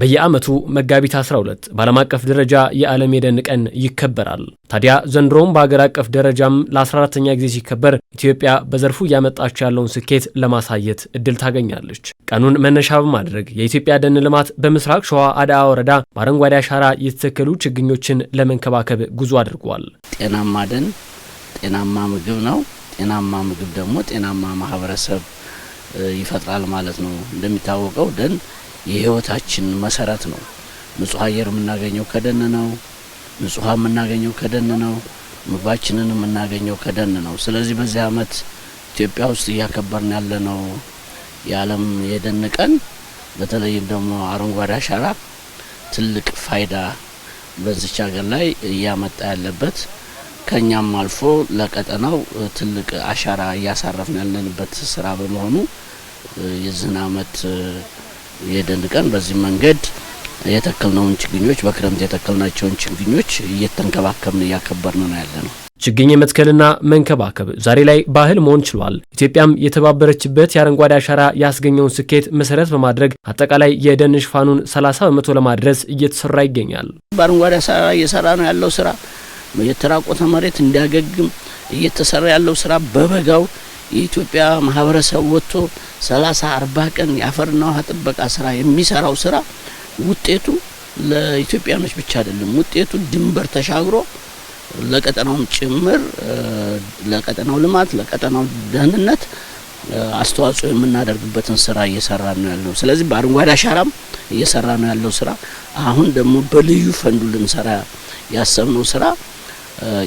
በየዓመቱ መጋቢት 12 በዓለም አቀፍ ደረጃ የዓለም የደን ቀን ይከበራል። ታዲያ ዘንድሮም በሀገር አቀፍ ደረጃም ለ14ተኛ ጊዜ ሲከበር ኢትዮጵያ በዘርፉ እያመጣች ያለውን ስኬት ለማሳየት እድል ታገኛለች። ቀኑን መነሻ በማድረግ የኢትዮጵያ ደን ልማት በምስራቅ ሸዋ አዳአ ወረዳ በአረንጓዴ አሻራ የተተከሉ ችግኞችን ለመንከባከብ ጉዞ አድርጓል። ጤናማ ደን ጤናማ ምግብ ነው። ጤናማ ምግብ ደግሞ ጤናማ ማህበረሰብ ይፈጥራል ማለት ነው። እንደሚታወቀው ደን የህይወታችን መሰረት ነው። ንጹህ አየር የምናገኘው ከደን ነው። ንጹህ የምናገኘው ከደን ነው። ምግባችንን የምናገኘው ከደን ነው። ስለዚህ በዚህ አመት ኢትዮጵያ ውስጥ እያከበርን ያለነው የዓለም የደን ቀን በተለይም ደግሞ አረንጓዴ አሻራ ትልቅ ፋይዳ በዚች ሀገር ላይ እያመጣ ያለበት ከኛም አልፎ ለቀጠናው ትልቅ አሻራ እያሳረፍን ያለንበት ስራ በመሆኑ የዚህን ዓመት የደን ቀን በዚህ መንገድ የተከልነውን ችግኞች በክረምት የተከልናቸውን ችግኞች እየተንከባከብን እያከበርን ነው ያለ ነው። ችግኝ መትከልና መንከባከብ ዛሬ ላይ ባህል መሆን ችሏል። ኢትዮጵያም የተባበረችበት የአረንጓዴ አሻራ ያስገኘውን ስኬት መሰረት በማድረግ አጠቃላይ የደን ሽፋኑን 30 በመቶ ለማድረስ እየተሰራ ይገኛል። በአረንጓዴ አሻራ እየሰራ ነው ያለው ስራ የተራቆተ መሬት እንዲያገግም እየተሰራ ያለው ስራ በበጋው የኢትዮጵያ ማህበረሰብ ወጥቶ ሰላሳ አርባ ቀን የአፈርና ውሃ ጥበቃ ስራ የሚሰራው ስራ ውጤቱ ለኢትዮጵያኖች ብቻ አይደለም። ውጤቱ ድንበር ተሻግሮ ለቀጠናውም ጭምር ለቀጠናው ልማት፣ ለቀጠናው ደህንነት አስተዋጽኦ የምናደርግበትን ስራ እየሰራ ነው ያለው። ስለዚህ በአረንጓዴ አሻራም እየሰራ ነው ያለው ስራ አሁን ደግሞ በልዩ ፈንዱ ልንሰራ ያሰብነው ስራ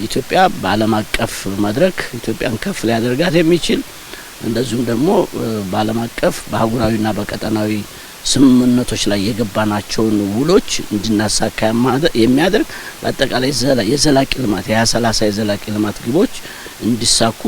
ኢትዮጵያ በዓለም አቀፍ መድረክ ኢትዮጵያን ከፍ ሊያደርጋት የሚችል እንደዚሁም ደግሞ በዓለም አቀፍ በአህጉራዊና በቀጠናዊ ስምምነቶች ላይ የገባናቸውን ውሎች እንድናሳካ የሚያደርግ በአጠቃላይ የዘላቂ ልማት የሀያ ሰላሳ የዘላቂ ልማት ግቦች እንዲሳኩ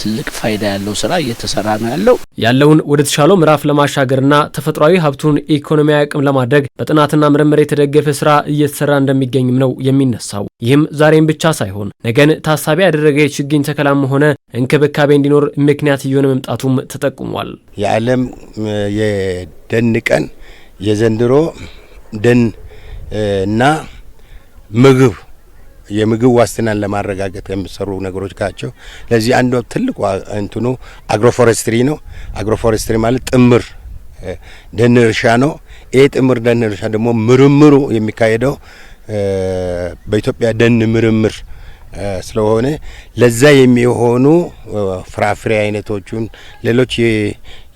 ትልቅ ፋይዳ ያለው ስራ እየተሰራ ነው ያለው። ያለውን ወደ ተሻለው ምዕራፍ ለማሻገርና ተፈጥሯዊ ሀብቱን ኢኮኖሚያዊ አቅም ለማድረግ በጥናትና ምርምር የተደገፈ ስራ እየተሰራ እንደሚገኝም ነው የሚነሳው። ይህም ዛሬም ብቻ ሳይሆን ነገን ታሳቢ ያደረገ የችግኝ ተከላም ሆነ እንክብካቤ እንዲኖር ምክንያት እየሆነ መምጣቱም ተጠቁሟል። የዓለም የደን ቀን የዘንድሮ ደን እና ምግብ የምግብ ዋስትናን ለማረጋገጥ የሚሰሩ ነገሮች ናቸው። ለዚህ አንዱ ትልቁ እንትኑ አግሮፎረስትሪ ነው። አግሮፎረስትሪ ማለት ጥምር ደን እርሻ ነው። ይህ ጥምር ደን እርሻ ደግሞ ምርምሩ የሚካሄደው በኢትዮጵያ ደን ምርምር ስለሆነ ለዛ የሚሆኑ ፍራፍሬ አይነቶቹን ሌሎች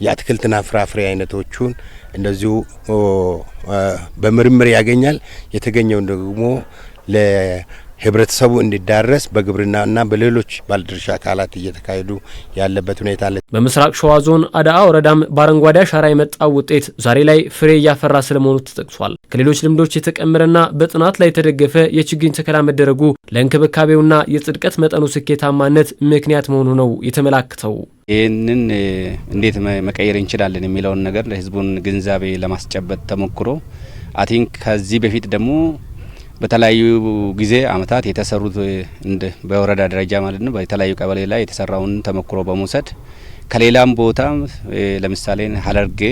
የአትክልትና ፍራፍሬ አይነቶቹን እንደዚሁ በምርምር ያገኛል። የተገኘውን ደግሞ ህብረተሰቡ እንዲዳረስ በግብርናና በሌሎች ባለድርሻ አካላት እየተካሄዱ ያለበት ሁኔታ አለ። በምስራቅ ሸዋ ዞን አዳአ ወረዳም በአረንጓዴ አሻራ የመጣው ውጤት ዛሬ ላይ ፍሬ እያፈራ ስለመሆኑ ተጠቅሷል። ከሌሎች ልምዶች የተቀመረና በጥናት ላይ የተደገፈ የችግኝ ተከላ መደረጉ ለእንክብካቤውና የጽድቀት መጠኑ ስኬታማነት ምክንያት መሆኑ ነው የተመላክተው። ይህንን እንዴት መቀየር እንችላለን የሚለውን ነገር ለህዝቡን ግንዛቤ ለማስጨበጥ ተሞክሮ አይ ቲንክ ከዚህ በፊት ደግሞ በተለያዩ ጊዜ አመታት የተሰሩት እንደ በወረዳ ደረጃ ማለት ነው በተለያዩ ቀበሌ ላይ የተሰራውን ተሞክሮ በመውሰድ ከሌላም ቦታ ለምሳሌ ሀረርጌ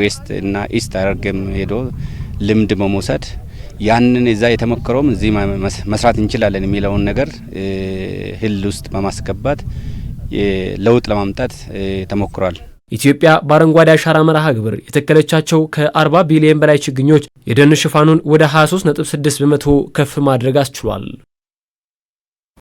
ዌስት እና ኢስት ሀረርጌም ሄዶ ልምድ በመውሰድ ያንን እዛ የተሞከረውም እዚህ መስራት እንችላለን የሚለውን ነገር ህል ውስጥ በማስገባት ለውጥ ለማምጣት ተሞክሯል። ኢትዮጵያ በአረንጓዴ አሻራ መርሃ ግብር የተከለቻቸው ከ40 ቢሊዮን በላይ ችግኞች የደን ሽፋኑን ወደ 23.6 በመቶ ከፍ ማድረግ አስችሏል።